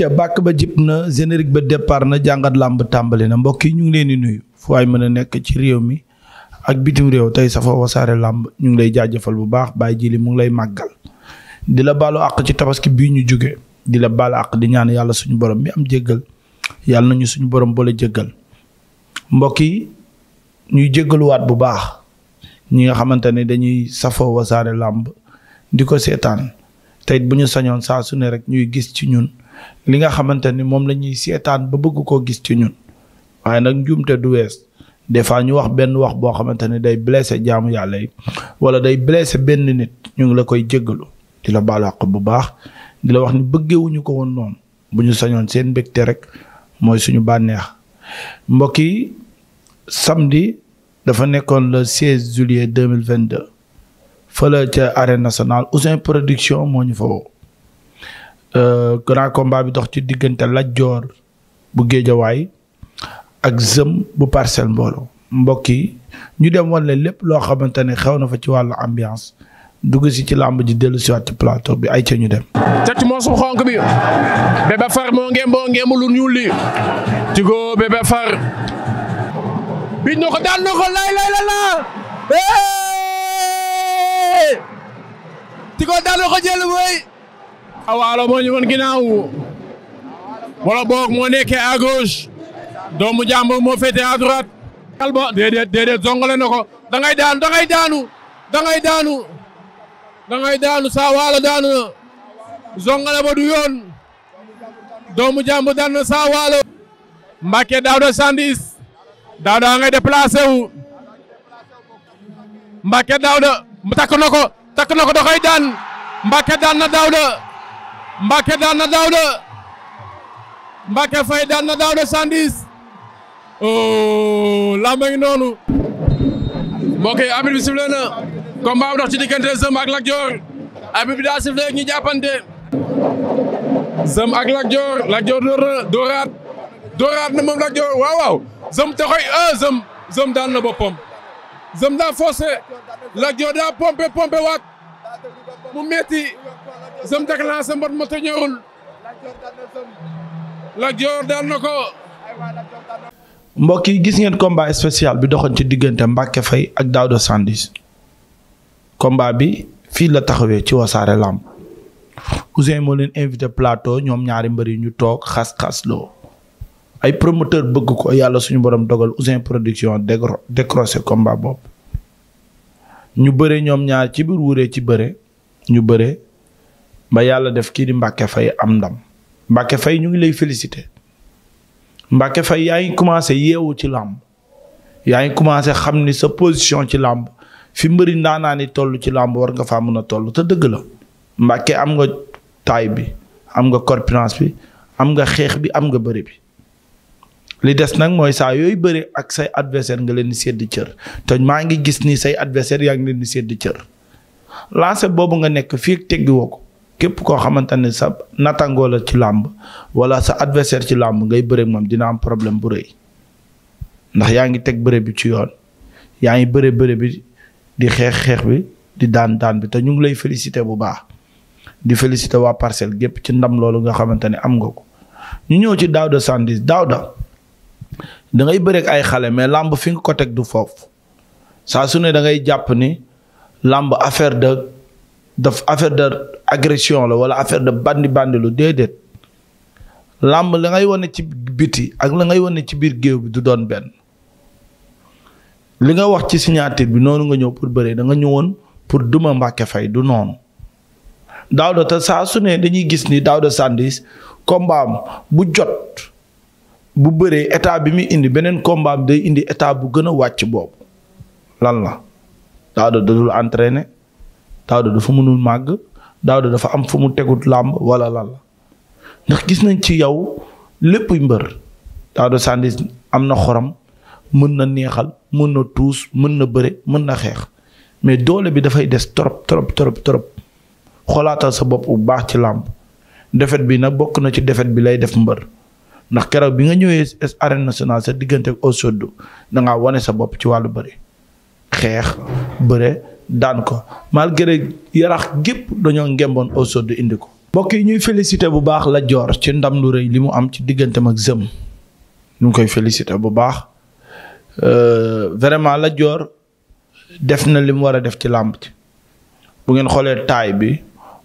ca bàkk ba jib na générique ba départ na jàngat làmb tàmbali na mbokk yi ñu ngi leen di nuyu fu waay mën a nekk ci réew mi ak bitim réew tey safa wasaare làmb ñu ngi lay jaajëfal bu baax Baye Jili mu ngi lay màggal di la baalu àq ci tabaski bii ñu jóge di la baalu àq di ñaan yàlla suñu borom mi am jéggal yàlla nañu suñu borom boole jéggal mbokk yi ñuy jéggaluwaat bu baax ñi nga xamante ne dañuy safoo wasaare làmb di ko seetaan tey bu ñu sañoon saa su rek ñuy gis ci ñun li nga xamante ni moom la ñuy seetaan ba bëgg koo gis ci ñun waaye nag njuumte du wees des fois ñu wax benn wax boo xamante ni day blessé jaamu yàlla yi wala day blessé benn nit ñu ngi la koy jéggalu di la baal bu baax di la wax ni bëggewuñu ko woon noonu bu ñu sañoon seen mbégte rek mooy suñu bànneex mbokk yi samedi dafa nekkoon le 16 juillet 2022 fële ca arène nationale Ouzin production moo ñu fa woo Euh, grand combat bi dox ci diggante Lat Dior bu Géejawaay ak Zëm bu parcel Mbooloo mbokk yi ñu dem wan lépp loo xamante ne xew na fa ci wàllu ambiance dugg si ci làmb ji dellu si waat ci plateau bi ay ca ñu dem. tëcc moo su xonk bi Bébé Far moo ngeen boo ngeen lu ñuul li Tigo Far. biñ na daan na lay lay la la Tigo daan na jël mooy. awaalo moo ñu woon ginnaaw boog moo nekkee à doomu jàmbur moo féetee à kalba déedéet déedéet zongale na ko da ngay daanu dangay ngay daanu da ngay daanu da saa waalo daanu na ba du yoon doomu jàmbur daanu saa waalo. Mbacke Daouda Sandis Daouda ngay déplacé wu Mbacke Daouda takk na takk na ko daan Mbacke daan na Daouda. Mbacke daan na Daouda Mbacke Faye daan na Daouda Sandis oh laa ngi noonu. mbokk yi arbitre bi sifflé na combat bi dox ci diggante Zeum ak Lat Dior arbitre bi daa sifflé ñu jàppante. Zeum ak Lat Dior Lat Dior door na dooraat dooraat na moom Lat Dior waaw waaw Zeum te koy ah Zeum Zeum daan na boppam daa forcé Lat Dior daa pompé pompé waat mu metti zëm dakla sa ma tëñëwul yi gis ngeen combat spécial bi doxoon ci diggante Mbacke fay ak Daouda Sandwich combat bi fii la taxawee ci wasaare làmb Ouzin moo leen invité plateau ñoom ñaari mbër yi ñu toog xas-xas loo ay promoteur bëgg ko yàlla suñu borom dogal Ouzin production décroché combat boobu ñu bëre ñoom ñaar ci biir wuree ci bëre ñu bëre ba yàlla def kii di Mbacke fay am ndam Mbacke fay ñu ngi lay féliciter Mbacke Faye yaa ngi commencé yeewu ci làmb yaa ngi commencé xam ni sa position ci làmb fi mbëri ndaanaa ni toll ci làmb war nga faa mën a toll te dëgg la Mbacke am nga taille bi am nga corpulence bi am nga xeex bi am nga bëri bi li des nag mooy saa yooyu bëri ak say adversaire nga leen di sedd cër te maa ngi gis ni say adversaire yaa ngi leen di sedd cër lancé boobu nga nekk fii teggiwoo ko képp koo xamante ne sa nattangoo la ci làmb wala sa adversaire ci làmb ngay bëre moom dina am problème bu rëy ndax yaa ngi teg bëre bi ci yoon yaa ngi bëre bëre bi di xeex xeex bi di daan daan bi te ñu ngi lay féliciter bu baax di félicité waa parcelle gépp ci ndam loolu nga xamante ne am nga ko ñu ñëw ci Daouda Sandwich Daouda da ngay bëreek ay xale mais làmb fi nga ko teg du foofu saa su ne da jàpp ni làmb affaire de daf affaire de agression la wala affaire de bandi bandi lu déedéet làmb la ngay wane ci biti ak la ngay wane ci biir géew bi du doon benn li nga wax ci signature bi noonu nga ñëw pour bëree da nga ñëwoon pour duma Mbàkke Fay du noonu Daouda te saa su ne dañuy gis ni Daouda Sandwich combat am bu jot bu bëree état bi muy indi beneen combat day indi état bu gën a wàcc boobu lan la Daouda dadul entraîner Daouda dafa mënul màgg Daouda dafa am fu mu tegut làmb walla lan ndax gis nañ ci yow lépp mbër Daouda Sandwich am na xorom mën na neexal mën na tuus mën na bëre mën na xeex mais doole bi dafay des trop trop trop trop xoolaatal sa bopp bu baax ci làmb defet bi nag bokk na ci defet bi lay def mbër ndax keroog bi nga ñëwee arène nationale sa diggante ak Osodo da ngaa wane sa bopp ci wàllu bëri xeex bëre daan ko malgré yarax gépp dañoo ngemboon eau chaude indi ko. mbokk yi ñuy félicité bu baax la joor ci ndam lu rëy li mu am ci digganteem ak sëm ñu ngi koy félicité bu baax euh, vraiment la joor def na li mu war a def ci làmp ci bu ngeen xoolee taay bi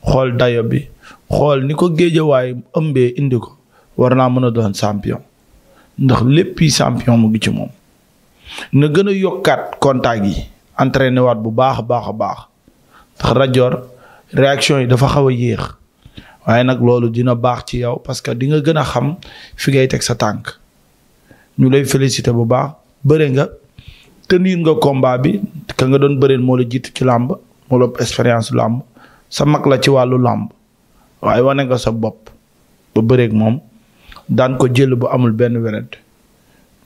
xool dayo bi xool ni ko géejawaay ëmbee indi ko war naa mën a doon champion ndax léppi champion mu ngi ci moom na gën a yokkaat contact yi. entraîné waat bu baax a baax a baax ndax rajoor réaction yi dafa xaw a yéex waaye nag loolu dina baax ci yow parce que di nga gën a xam fi ngay teg sa tànk ñu lay félicité bu baax bëre nga tenir nga combat bi ka nga doon bëreen moo la jiitu ci làmb moo la expérience làmb sa mag la ci wàllu làmb waaye wane nga sa bopp ba bëreeg moom daan ko jël bu amul benn wérante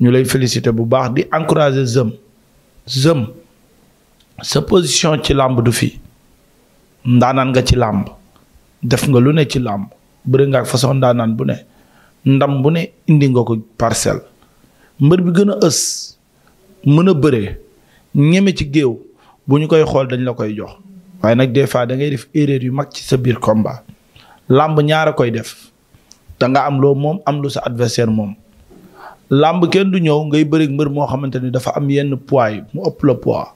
ñu lay félicité bu baax di encourager zëm zëm sa position ci làmb du fi ndaanaan nga ci làmb def nga lu ne ci làmb bëri nga ak façon ndaanaan bu ne ndam bu ne indi nga ko parcelle mbër bi gën a ës mën a bëree ñeme ci géew bu ñu koy xool dañ la koy jox waaye nag des fois da ngay def erreur yu mag ci sa biir komba làmb ñaar a koy def da nga am loo moom am lu sa adversaire moom làmb kenn du ñëw ngay bëri mbër moo xamante ni dafa am yenn poids yi mu ëpp la poids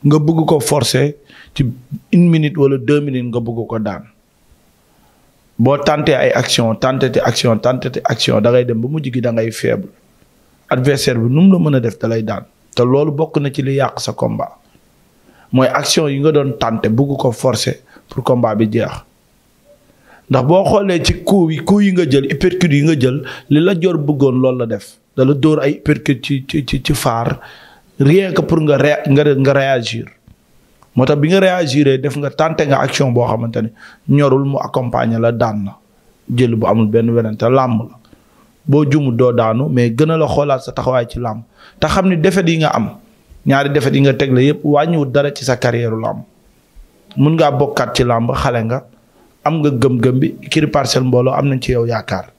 nga bugg ko forcer ci une minute wala deux minutes nga bugg ko daan boo tenté ay action tenté te action tenté te action da dem ba mu gi da ngay faible adversaire bi nu mu la mën a def da lay daan te loolu bokk na ci li yàq sa combat mooy action yi nga doon tenté bugg ko forcer pour combat bi jeex ndax boo xoolee ci coup yi yi nga jël uppercut yi nga jël li la joor bëggoon loolu la def dala dóor ay uppercut ci ci ci faar rien que pour nga ré nga nga réagir moo bi nga réagiree def nga tenté nga action boo xamante ne ñorul mu accompagner la daan na jël bu amul benn wenente làmb la boo jumu doo daanu mais gën a xoolaat sa taxawaay ci làmb te xam ni defet yi nga am ñaari defet yi nga teg la yépp wàññiwul dara ci sa carrière làmb mun ngaa bokkaat ci làmb xale nga am nga gëm-gëm bi kiri parcelle mbooloo am nañ ci yow yaakaar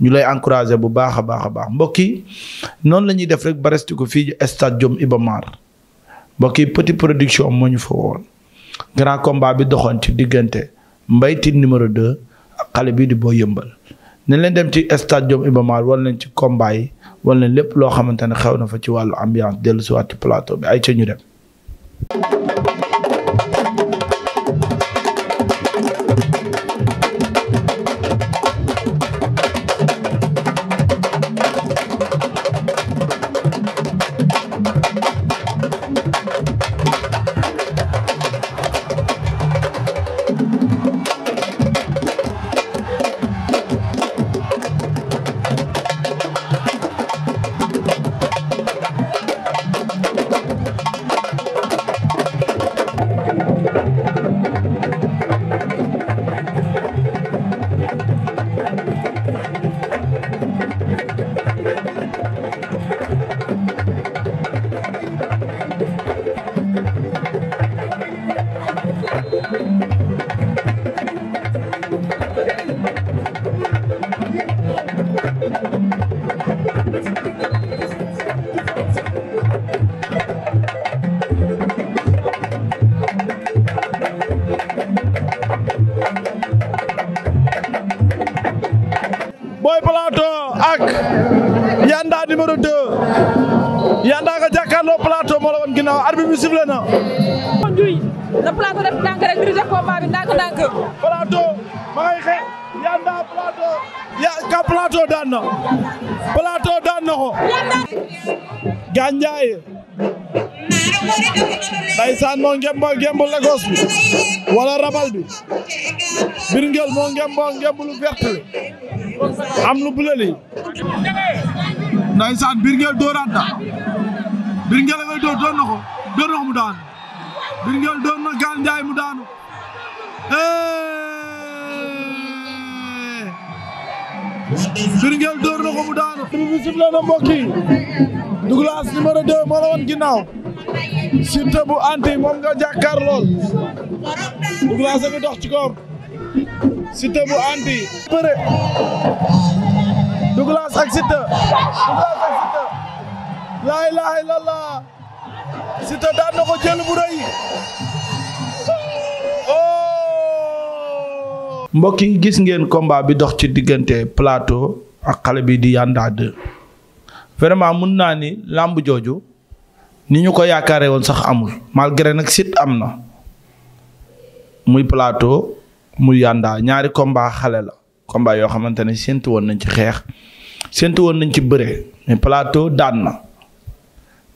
ñu lay encouragé bu baax a baax a baax mbokk yi noonu la ñuy def rek baresti ko fii stade Jom Iba mbokk yi petit production moo ñu fa woon grand combat bi doxoon ci diggante Mbaye Tine numéro 2 ak xale bii di boo yëmbal ne leen dem ci stade Jom Iba Mar wala leen ci combat yi wala leen lépp loo xamante ne xew na fa ci wàllu ambiance dellu si waat ci plateau bi ay ca ñu dem. bi sifflé na. Ndiouye def ndànk rek dirigé combat bi ndànk ndànk. plateau ma ngay xeex Yanda ya ka plateau daan na plateau daan na ko. Gandiaye. Ndeysaan moo ngemb bi wala rabal bi Birngel moo ngemb moo ngemb am lu bleu li Ndeysaan Birngel dooraat na Birngel doon na dóor na ko mu ginnaaw Siteu bu anti moom nga jàkkaar lool Douglas a ngi dox ci koom Siteu bu anti bëre Douglas ak Siteu Douglas ak Siteu Siteu daan na ko jël bu rëy. Oh! mbokk yi gis ngeen combat bi dox ci diggante plateau ak xale bii di Yanda 2 vraiment mun naa ni làmb jooju ni ñu ko yaakaare woon sax amul malgré nag sit am na muy plateau muy Yanda ñaari combat xale la combat yoo xamante ne séntu woon nañ ci xeex séntu woon nañ ci bëre mais plateau daan na.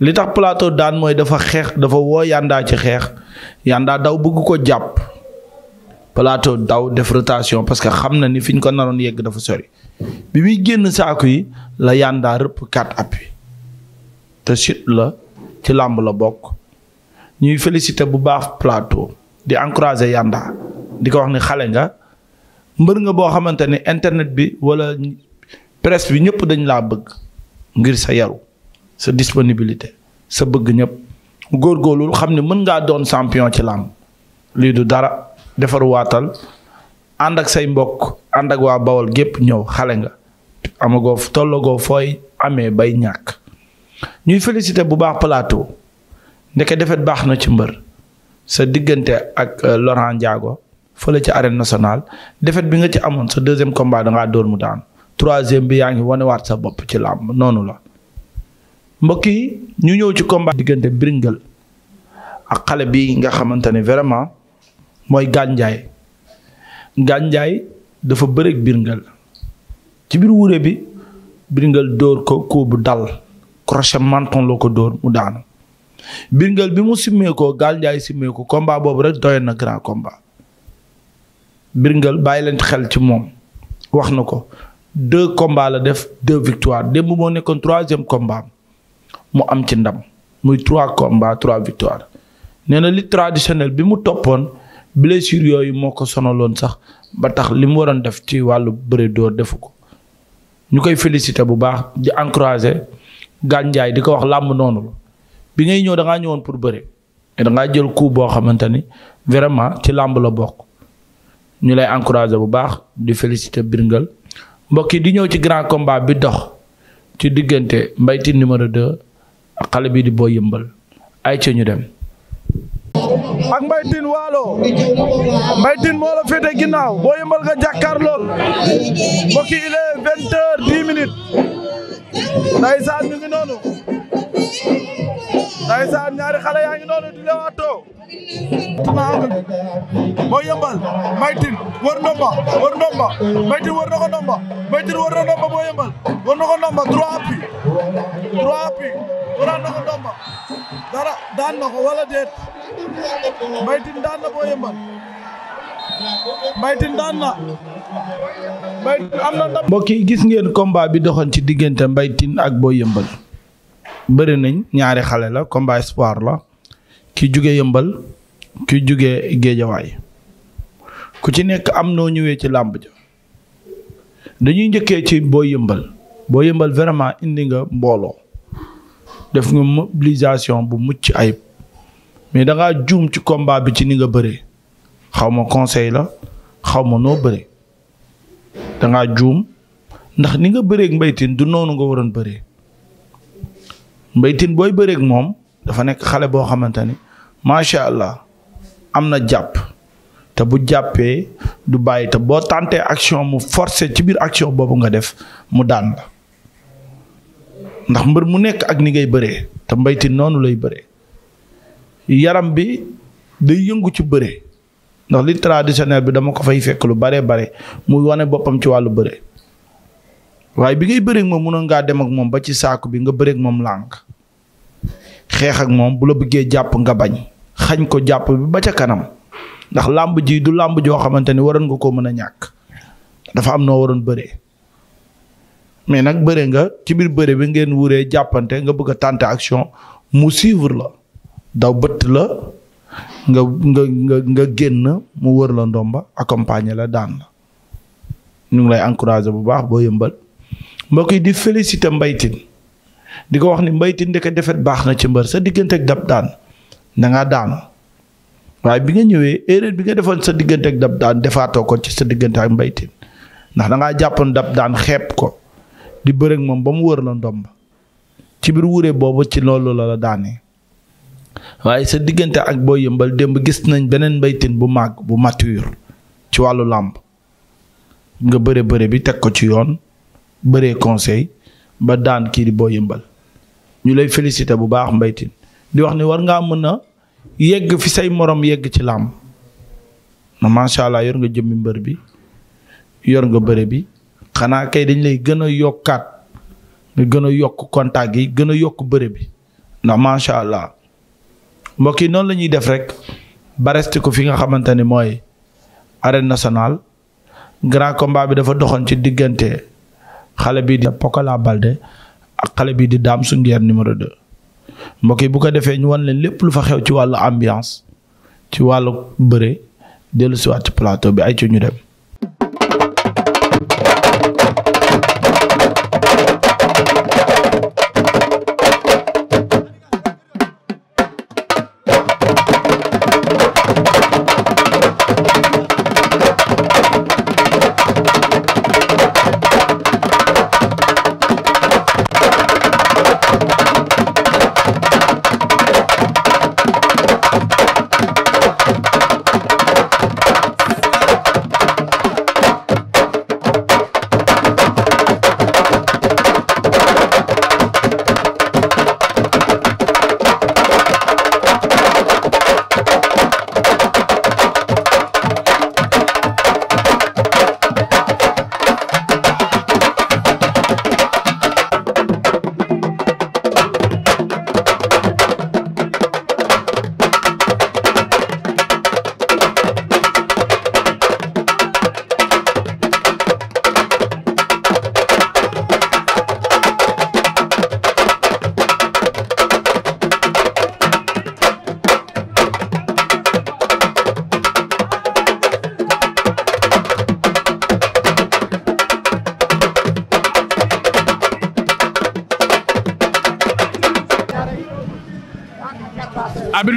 li tax plateau daan mooy dafa xeex dafa woo yandaa ci xeex yandaa daw bëgg ko jàpp plateau daw def rotation parce que xam na ni fi ñu ko naroon yegg dafa sori bi muy génn saaku yi la yandaa rëpp quatre appuis te sut la ci làmb la bokk ñuy félicité bu baax plateau di encouragé yandaa di ko wax ni xale nga mbër nga boo xamante ni internet bi walla presse bi ñëpp dañ laa bëgg ngir sa yaru sa disponibilité sa bëgg ñëpp góorgóorlu xam ne mën ngaa doon champion ci làmb lii du dara defaruwaatal ànd ak say mbokk ànd ak waa bawal gépp ñëw xale nga amagoo tollagoo fooy amee bay ñàkk ñuy félicité bu baax plateau ndeke defet baax na ci mbër sa diggante ak euh, Laurent Ndiago fële ci arène nationale defet bi nga ci amoon sa deuxième combat dangaa doon mu daan troisième bi yaa ngi wane waat sa bopp ci làmb noonu la mbokk yi ñu ñëw ci combat diggante Bringuel ak xale bi nga xamante ne vraiment mooy gànjaay gànjaay dafa bëreeg Bringuel ci biir wuure bi Bringuel dóor ko koo bu dal crochet menton loo ko dóor mu daanu Bringuel bi mu simmee ko gànjaay simmee ko combat boobu rek doy na grand combat Bringuel bàyyi leen xel ci moom wax na ko deux combats la def deux victoires démb moo nekkoon troisième combat mu am ci ndam muy trois combats trois victoires nee na li traditionnel bi mu toppoon blessure yooyu moo ko sonaloon sax ba tax li mu waroon def ci wàllu bëre doo defu ko ñu koy féliciter bu baax di encourager gànjaay di ko wax làmb noonu la bi ngay ñëw da ñëwoon pour bëre mais jël coup boo xamante ni vraiment ci làmb la bokk ñu lay encourager bu baax di féliciter Birngal mbokk yi di ñëw ci grand combat bi dox ci diggante Mbaye Tine numéro 2 xale bi di boo yëmbal ay ci ñu dem. ak Mbaye Tine Waalo Mbaye Tine moo la féete ginnaaw boo yëmbal nga jàkkaar lool mbokk yi il est vingt heures ngi noonu. ndaysaan ñaari xale yaa ngi noonu di lewaatoo tuna boo yëmbal maytin wër ndomba wër ndomba maytin wër na ko ndomba boo yëmbal wër ndomba trois appi trois appi wëraat na dara daan na ko wala déet daan na boo yëmbal mbaytin daan na mbaytin am gis ngeen combat bi doxoon ci diggante mbaytin ak boo yëmbal bëri nañ ñaari xale la combat espoir la ki jóge yëmbal ki jóge géejawaay ku ci nekk am noo ñëwee ci làmb ja dañuy njëkkee ci boo yëmbal boo yëmbal vraiment indi nga mbooloo def nga mobilisation bu mucc ayib mais da juum ci combat bi ci ni nga bëree xaw ma conseil la xaw ma noo bëree da ngaa juum ndax ni nga bëree ak mbaytin du noonu nga waroon bëree Mbaye booy bëreeg moom dafa nekk xale boo xamante ni macha allah am na jàpp te bu jàppee du bàyyi te boo tàntee action mu forcé ci biir action boobu nga def mu daan la ndax mbër mu nekk ak ni ngay bëree te Mbaye noonu lay bëree yaram bi day yëngu ci bëre ndax li traditionnel bi dama ko fay fekk lu bare bare mu wane boppam ci wàllu bëre waaye bi ngay bëreeg moom mënoon ngaa dem moom ba ci saaku bi nga bëreeg moom lànk xeex ak moom bu la bëggee jàpp nga bañ xañ ko jàpp bi ba ca kanam ndax làmb ji du làmb joo xamante ni waroon nga koo mën a ñàkk dafa am noo waroon bëree mais nag bëre nga ci biir bëre bi ngeen wuree jàppante nga bëgg a tenter action mu suivre la daw bëtt la nga nga nga nga génn mu wër la ndomba accompagner la daan la ñu ngi lay encourager bu baax boo yëmbal mbokk yi di félicité mbaytin di ko wax ni mbaytin Tine ndeke defet baax na ci mbër sa diggante ak dab daan da daanu waaye bi nga ñëwee erreur bi nga defoon sa diggante ak dab daan defaatoo ko ci sa diggante ak Mbaye ndax da ngaa jàppoon dab daan xeeb ko di bëreeg moom ba mu wër la ndomb ci biir wure boobu ci loolu la la daanee waaye sa diggante ak boo yëmbal démb gis nañ beneen mbaytin bu màgg bu mature ci wàllu làmp nga bëre bëre bi teg ko ci yoon. bëree conseil ba daan kii di boo yëmbal ñu lay félicité bu baax Mbaye di wax ni war ngaa mën a yegg fi say morom yegg ci làmb na macha allah yor nga jëmmi mbër bi yor nga bëre bi xanaa kay dañ lay gën a yokkaat nga gën a yokk contact yi gën a yokk bëre bi ndax macha allah mbokk yi noonu la ñuy def rek ba ko fi nga xamante ni mooy arène nationale grand combat bi dafa doxoon ci diggante. xale bii di Pokola Balde ak xale bii di Dame Sungeer numéro 2 mbokk yi bu ko defee ñu wan leen lépp lu fa xew ci wàllu ambiance ci wàllu bëre dellusiwaat ci plateau bi ay ci ñu dem.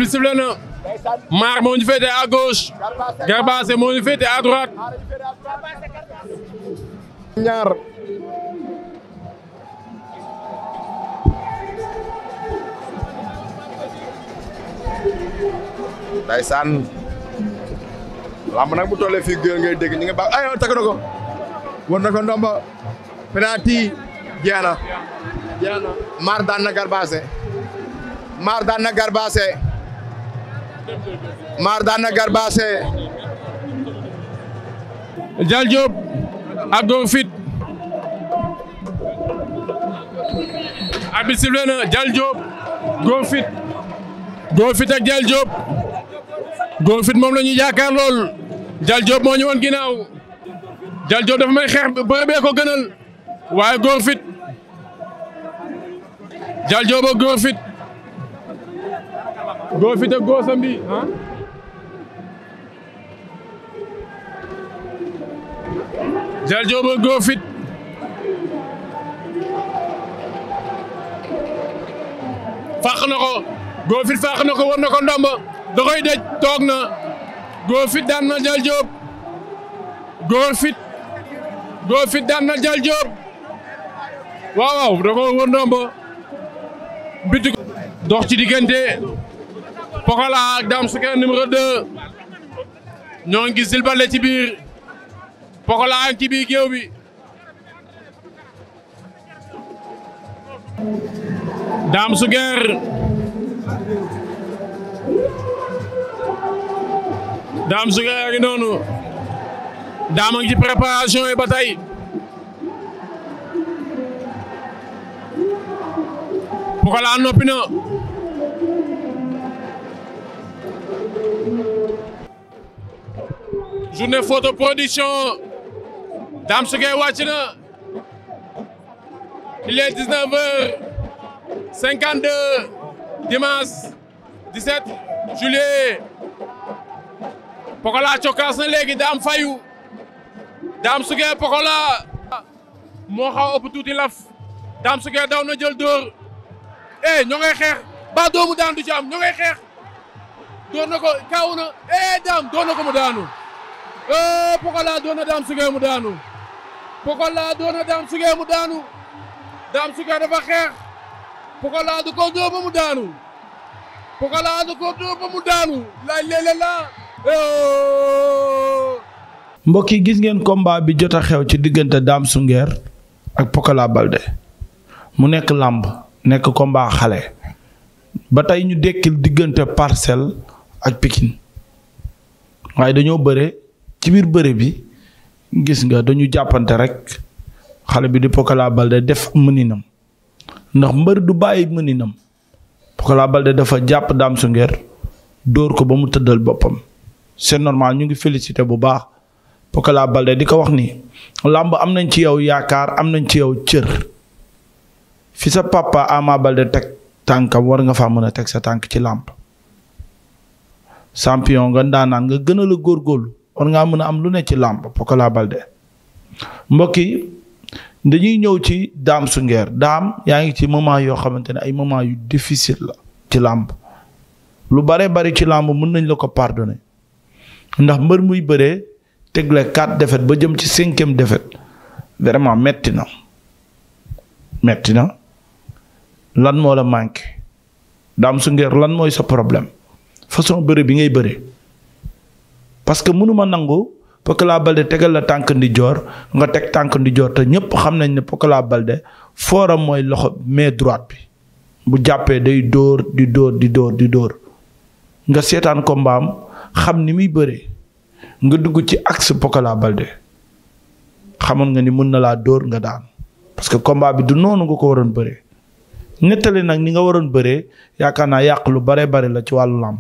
bi sifflé na maar moo ñu féete à gauche Garbassé moo ñu féete ñaar lamb nag bu tollee fii gën dégg ñi nga baax ay takk na war na ko ndomba penalty maar daan na Garbassé maar daan na Garbassé mardana garbase Dial Diop Abdou Fit abi sifle na Dial Diop Go Fit Go Fit ak Dial Diop Go Fit moom la ñu yaakaar lool Dial Diop moo ñu woon ginnaaw Dial Diop dafa may xeex bëre bee ko gënal waaye Go Fit Dial Diop ak Go Fit Go Fite Go samedi ah. Dial Diop na ko Go Fite na ko war na ko ndomba da koy toog na Go Fite daan na Dial Diop Go waaw waaw da ko war ndomba bitti ci diggante Pokola ak Dame Souguer numéro 2 ñoo ngi gis Jules ci biir Pokola ci biir géew bi Dame Souguer Dame Souguer a noonu Dame ci préparation yi ba tey Pokola journée photo production Dame Su Gueye na il est 19h52 Pokola cokkaas na léegi dam fayu Dame Su Pokola moo xaw ëpp tuuti laf Dame Su daw na jël dóor eh ñoo xeex ba doomu daan du ci am xeex dóor na ko kaw na eh Dame dóor na ko mu daanu Eh, Pokola doon na Dame mu daanu Pokola doon na Dame mu daanu Dame Sigué dafa xeex Pokola du ko daanu Pokola du laa mbokk yi gis ngeen combat bi jot a xew ci diggante Dame Sigué ak Pokola Baldé mu nekk làmb nekk combat xale ba tey ñu dekkil diggante Parcelles ak Pikine waaye dañoo bëre ci biir bëre bi gis nga dañu jàppante rek xale bi di Pokola def mëninam ndax mbër du bàyyi mëninam Pokola dafa jàpp Dame dóor ko ba mu tëddal boppam seen normal ñu ngi félicité bu baax Pokola di ko wax ni làmb am nañ ci yow yaakaar am nañ ci yow cër fi sa papa Ama teg tànkam war nga faa mën a teg sa tànk ci làmp champion nga ndaanaan nga gënala góor la war ngaa mën a am lu ne ci làmb Pokola Balde mbokk yi dañuy ñëw ci Dame Sungeer Dame yaa ngi ci moment yoo xamante ne ay moment yu difficile la ci làmb lu bare bari ci làmb mën nañ la ko pardone ndax mbër muy bëree tegle quatre défaites ba jëm ci cinquième défaite vraiment metti na metti na lan moo la manqué Dame Sungeer lan mooy sa problème façon bëre bi ngay bëree parce que mënuma nangu Pokola Balde tegal la tànk ndi joor nga teg tànk ndi joor te ñëpp xam nañ ne Pokola Balde fooram mooy loxo main droite bi bu jàppee day dóor di dóor di dóor di dóor nga seetaan ko mbaam xam ni muy bëree nga dugg ci axe Pokola Balde xamoon nga ni mun na laa dóor nga daan parce que combat bi du noonu nga ko waroon bëree nettali nag ni nga waroon bëree yaakaar naa yàq lu bare bare la ci wàllu làmb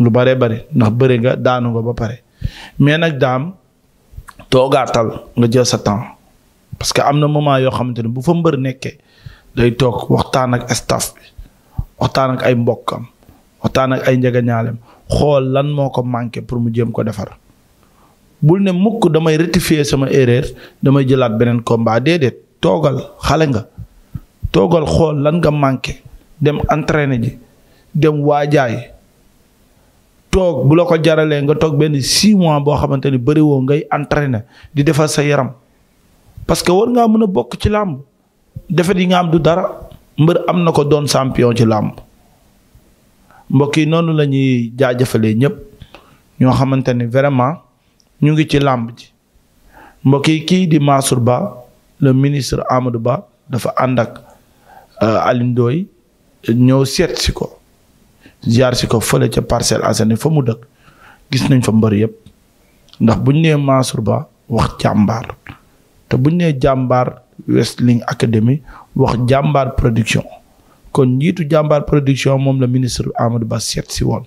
lu bare bare ndax bëre nga daanu nga ba pare mais nag daam toogaatal nga jël sa temps parce que am na moment yoo xamante ne bu fa mbër nekkee day toog waxtaan ak staff bi waxtaan ak ay mbokkam waxtaan ak ay njëgañaalem xool lan moo ko manqué pour mu jéem ko defar bul ne mukk damay rectifier sama erreur damay jëlaat beneen combat déedéet toogal xale nga toogal xool lan nga manqué dem entraîner ji dem waajaay toog bu la ko jaralee nga toog benn six mois boo xamante ni bëriwoo ngay entraîner di defar sa yaram parce que war ngaa mën a bokk ci làmb defet yi nga am du dara mbër am na ko doon champion ci làmb mbokk yi noonu la ñuy jaajëfalee ñëpp ñoo xamante ni vraiment ñu ngi ci làmb ji mbokk yi kii di Mansour Ba le ministre Amadou Ba dafa ànd ak euh, Alioune Ndoye ñëw seet si ko ziar si ko fële ca Parcelles Assainies fa mu dëkk gis nañ fa mbër yëpp ndax buñ nee Mansour Ba wax jàmbaar te buñ nee jàmbaar Wrestling Academy wax jàmbaar production kon njiitu jàmbaar production moom la ministre Amadou Ba seet si woon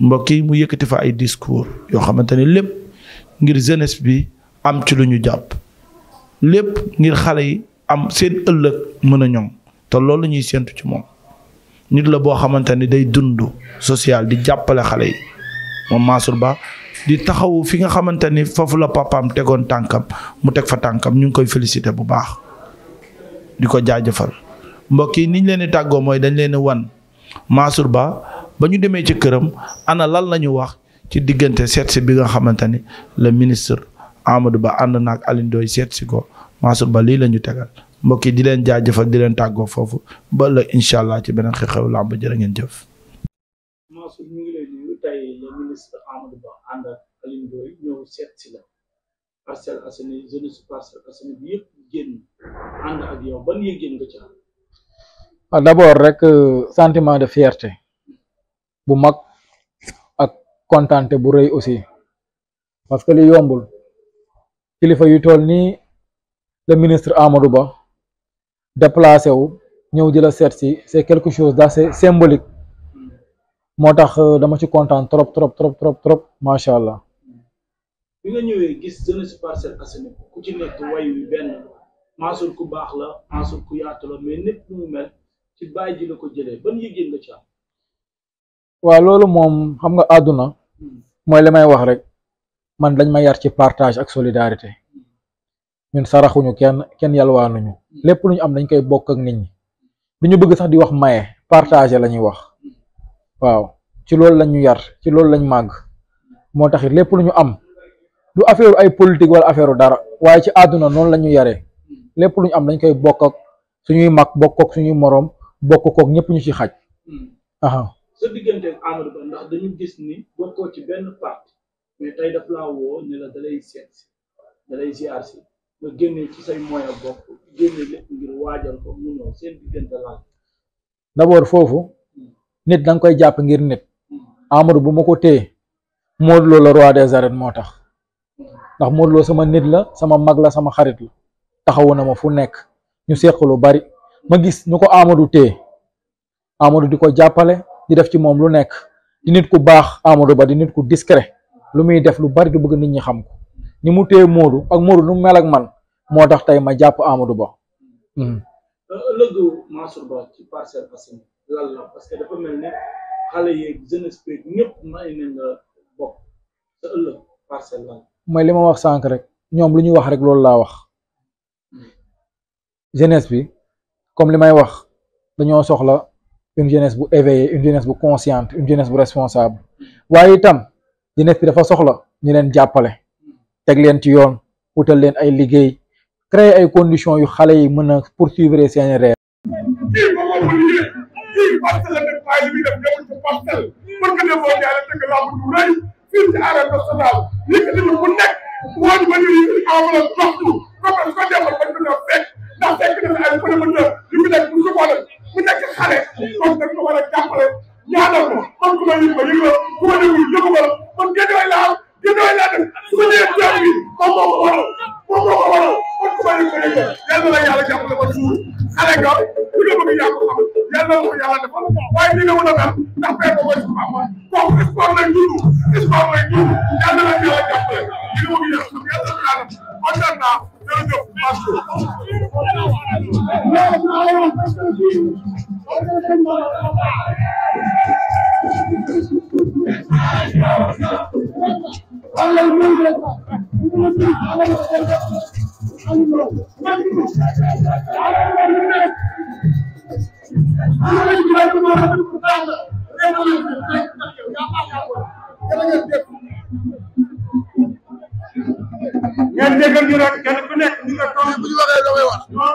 mbokk yi mu yëkkati fa ay discours yoo xamante ne lépp ngir jeunesse bi am ci lu ñu jàpp lépp ngir xale yi am seen ëllëg mën a ñoŋ te loolu la ñuy séentu ci moom. nit la boo xamante ni day dund social di jàppale xale yi moom Mansour Ba di taxawu fi nga xamante ni foofu la papaam tegoon tànkam mu teg fa tànkam ñu ngi koy félicité bu baax di ko jaajëfal mbokk yi niñ leen di tàggoo mooy dañ leen wan Mansour Ba ba ñu demee ci këram ana lan la ñu wax ci diggante seet bi nga xamante ni le ministre Amadou Ba ànd naag Alioune Ndoye seet si ko Mansour Ba lii la ñu tegal mbokk yi di leen jaajëfal di leen tàggoo foofu ba ëllëg incha allah ci beneen xew-xew làmb jërë ngeen jëf. Mansour ñu ngi Ba ci am. ah d'abord rek euh, sentiment de fierté bu mag ak contenté bu rëy aussi parce que li yombul kilifa yu toll nii le ministre Amadou Ba. déplacé wu ñëw di la seet si c'est quelque chose d'assez symbolique moo tax euh, dama ci kontaan trop trop trop trop trop macha allah. bi nga ñëwee gis jeunesse Parcelles Assainies ku ci nekk wayu benn Mansour ku baax la Mansour ku yaatu la mais népp mu mel ci bàyyi ji la ko jëlee ban yëg-yëg ci am. waaw loolu moom xam nga àdduna hmm. mooy li may wax rek man dañ ma yar ci partage ak solidarité. ñun saraxuñu kenn kenn yalwaanuñu lépp lu ñu am dañ koy bokk ak nit ñi du ñu bëgg sax di wax maye partager lañuy wax waaw ci loolu lañ ñu yar ci loolu lañ màgg moo taxit lépp lu ñu am lu affaire ay politique wala affaire dara waaye ci àdduna noonu la ñu yaree lépp lu am dañ koy bokk ak suñuy mag bokk ak suñuy moroom bokk kook ñëpp ñu ci xaj. Hmm. si dalay nga génne ci say moyen bopp génne lépp ngir foofu hmm. nit danga koy jàpp ngir nit hmm. Amadou bu ma ko téye Modou Lo la roi des arènes moo tax hmm. ndax Modou Lo sama nit la sama mag la sama xarit la taxawu na ma fu nekk ñu seq lu bari ma gis ñu ko Amadou téye Amadou di ko jàppale di def ci moom lu nekk di nit ku baax Amadou Ba di nit ku discret lu muy def lu bari du bëgg nit ñi xam ko ni mu téye Modou ak Modou nu mu mel ak man moo tax tey ma jàpp Amadou Ba. Hmm. ëllëgu li ma wax sànq rek ñoom lu ñuy wax rek loolu laa wax jeunesse bi comme li may wax dañoo soxla une jeunesse bu éveillée une jeunesse bu consciente une jeunesse bu responsable waaye itam jeunesse bi dafa soxla ñi leen jàppale. teg leen ci yoon wutal leen ay liggéey créer ay conditions yu xale yi mën a poursuivre seeni rêve ñaanal ko man ku ma yëg ma yëg la ku ma déglu yëgu ma la man géej waay laal jëndoo laa def su ma ñëwee tuyaat bi moom moo ko waral moom moo ko waral kon ku bëri ko nekk yàlla na yàlla jàppale ko suur xale nga li nga bëgg yàlla ko xam yàlla na ko yàlla defal waaye ni nga mën a mel ndax fekk ko ci ma ma kooku sport lañ dund sport lañ dund yàlla na yàlla jàppale li nga bëgg yàlla suuf yàlla na yàlla kontaan naa jërëjëf Masou. Thank you. ngeen déggal ñu rek kenn ku nekk ñu nga toog bu ñu waxee damay wax man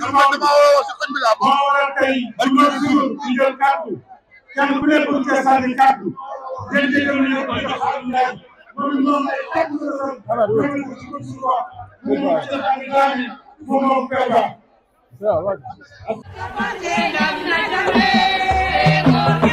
damaa war a wax si koñ bi laa bokk moo waral tey ñu doon suur ñu jël kàddu kenn ku nekk bu ñu koy sànni kàddu ngeen déggal ñu rek ñu jox Abdoulaye moom ay tàggu sa sën. loolu ko ci ko ci quoi. mu ngi ci def ak laami moom moom Pemba.